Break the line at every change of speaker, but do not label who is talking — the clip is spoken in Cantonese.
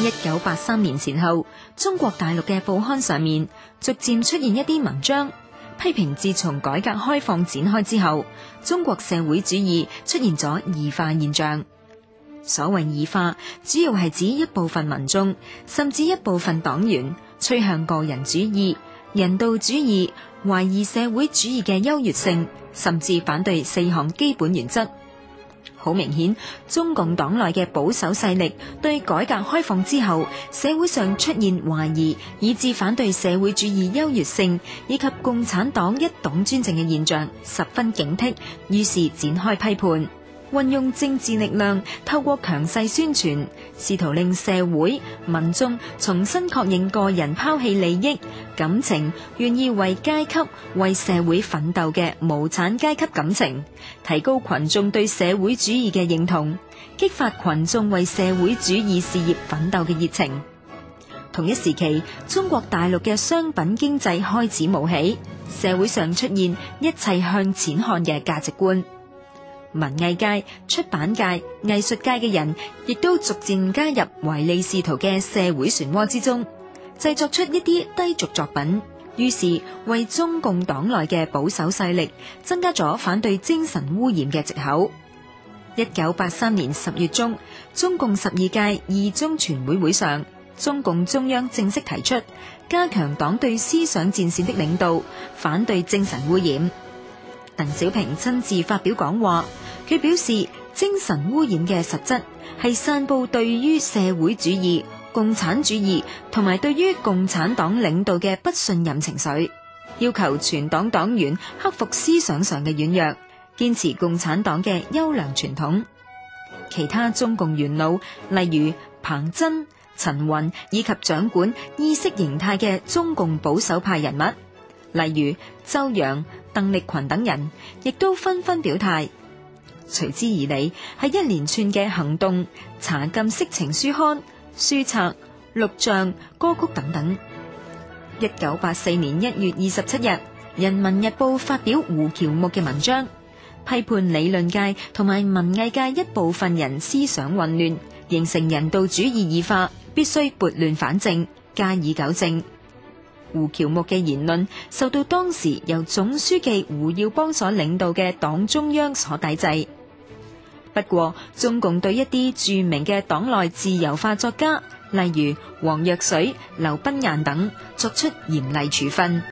一九八三年前後，中國大陸嘅報刊上面逐漸出現一啲文章批評，自從改革開放展開之後，中國社會主義出現咗異化現象。所謂異化，主要係指一部分民眾，甚至一部分黨員，趨向個人主義、人道主義，懷疑社會主義嘅優越性，甚至反對四項基本原則。好明顯，中共黨內嘅保守勢力對改革開放之後社會上出現懷疑，以致反對社會主義優越性以及共產黨一黨專政嘅現象，十分警惕，於是展開批判。運用政治力量，透過強勢宣傳，試圖令社會民眾重新確認個人拋棄利益、感情，願意為階級、為社會奮鬥嘅無產階級感情，提高群眾對社會主義嘅認同，激發群眾為社會主義事業奮鬥嘅熱情。同一時期，中國大陸嘅商品經濟開始冒起，社會上出現一切向錢看嘅價值觀。文藝界、出版界、藝術界嘅人，亦都逐漸加入唯利是圖嘅社會漩渦之中，製作出一啲低俗作品。於是為中共黨內嘅保守勢力增加咗反對精神污染嘅藉口。一九八三年十月中，中共十二屆二中全會會上，中共中央正式提出加強黨對思想戰線的領導，反對精神污染。鄧小平親自發表講話。佢表示，精神污染嘅實質係散布對於社會主義、共產主義同埋對於共產黨領導嘅不信任情緒，要求全黨黨員克服思想上嘅軟弱，堅持共產黨嘅優良傳統。其他中共元老，例如彭真、陳雲以及掌管意識形態嘅中共保守派人物，例如周揚、鄧力群等人，亦都紛紛表態。隨之而嚟係一連串嘅行動，查禁色情書刊、書冊、錄像、歌曲等等。一九八四年一月二十七日，《人民日報》發表胡喬木嘅文章，批判理論界同埋文藝界一部分人思想混亂，形成人道主義異化，必須撥亂反正，加以糾正。胡喬木嘅言論受到當時由總書記胡耀邦所領導嘅黨中央所抵制。不過，中共對一啲著名嘅黨內自由化作家，例如王若水、劉賓雁等，作出嚴厲處分。